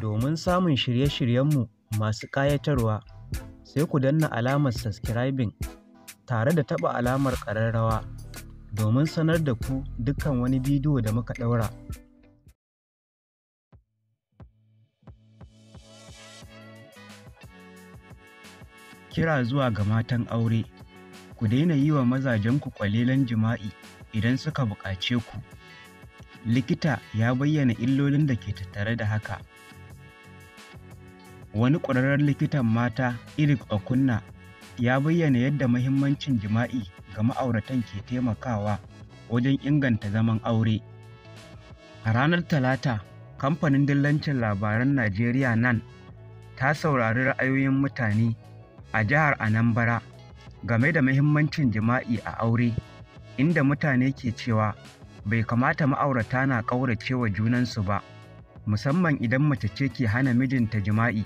Domin samun shirye-shiryenmu masu ƙayatarwa, sai ku danna alamar subscribing tare da taɓa alamar ƙararrawa domin sanar da ku dukkan wani bidiyo da muka ɗaura. Kira zuwa ga matan aure, ku daina yi wa mazajenku ƙwalilan jima'i idan suka buƙace ku. Likita ya bayyana illolin da ke tattare da haka. wani ƙwararren likitan mata Eric Okunna ya bayyana yadda mahimmancin jima'i ga ma'auratan ke taimakawa wajen inganta zaman aure. A ranar Talata, kamfanin dillancin labaran Najeriya nan ta saurari ra'ayoyin mutane a jihar Anambara game da mahimmancin jima'i a aure, inda mutane ke cewa bai kamata ma'aurata na ƙauracewa junansu ba. musamman idan mace ce ke hana mijinta jima'i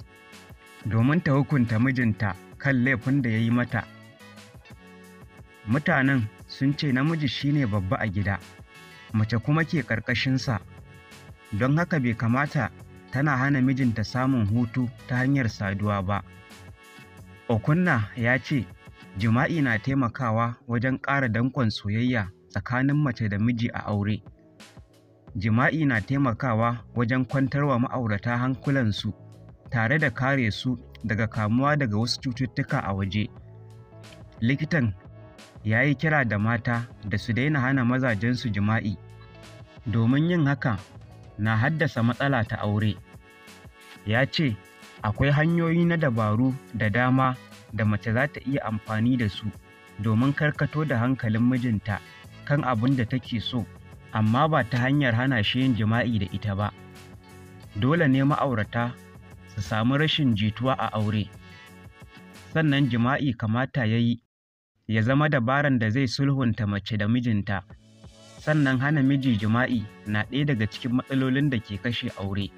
domin ta hukunta mijinta kan laifin da ya yi mata. Mutanen sun ce namiji shine babba a gida, mace kuma ke ƙarƙashinsa, don haka bai kamata tana hana mijinta samun hutu ta hanyar saduwa ba. Okunna ya ce, jima'i na taimakawa wajen ƙara danƙon soyayya tsakanin mace da miji a aure. Jima'i na taimakawa wajen kwantar wa ma'aurata hankulansu tare da kare su daga kamuwa daga wasu cututtuka a waje. Likitan ya yi kira da mata da su daina hana mazajensu jima'i, domin yin haka na haddasa matsala ta aure. Ya ce, akwai hanyoyi na dabaru da dama da mace za ta iya amfani da su domin karkato da hankalin mijinta kan abin da take so amma ba ta hanyar hana shi yin jima'i da ita ba. Dole ne ma'aurata su samu rashin jituwa a aure. Sannan jima'i kamata ya yi ya zama dabaran da zai sulhunta mace da mijinta. Sannan hana miji jima'i na ɗaya daga cikin matsalolin da ke kashe aure.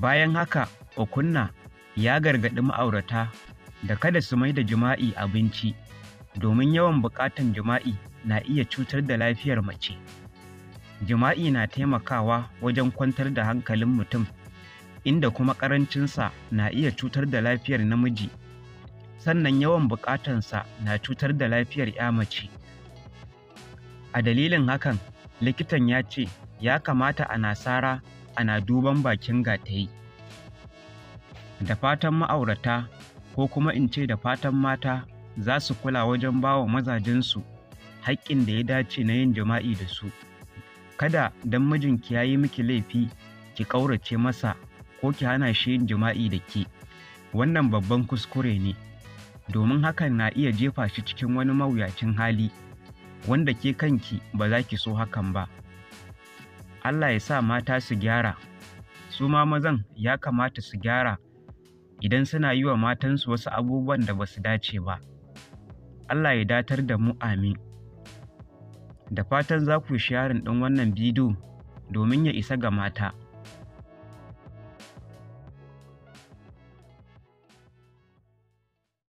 Bayan haka, Okunna ya gargaɗi ma'aurata da kada su mai da jima'i abinci domin yawan buƙatan jima'i na iya cutar da lafiyar mace. Jima'i na taimakawa wajen kwantar da hankalin mutum, inda kuma ƙarancinsa na iya cutar da lafiyar namiji, sannan yawan buƙatansa na cutar da lafiyar ‘ya mace. A dalilin hakan, likitan ya ce ya kamata a nasara ana duban bakin gatayi. Da fatan ma'aurata ko kuma in ce da fatan mata za su kula wajen bawa mazajensu haƙƙin da ya dace na yin jima'i da su. Kada don mijinki ya yi miki laifi ki ƙaurace masa ko ki hana shi yin jima'i da ke. Wannan babban kuskure ne, domin hakan na iya jefa shi cikin wani mawuyacin hali, wanda ke kanki ba za ki so hakan ba. Allah ya sa mata su gyara, su ma mazan ya kamata su gyara idan suna yi wa matansu wasu abubuwan da ba su dace ba. Allah ya datar da mu amin. Da fatan za ku yi sharing ɗin wannan bidiyo domin ya isa ga mata.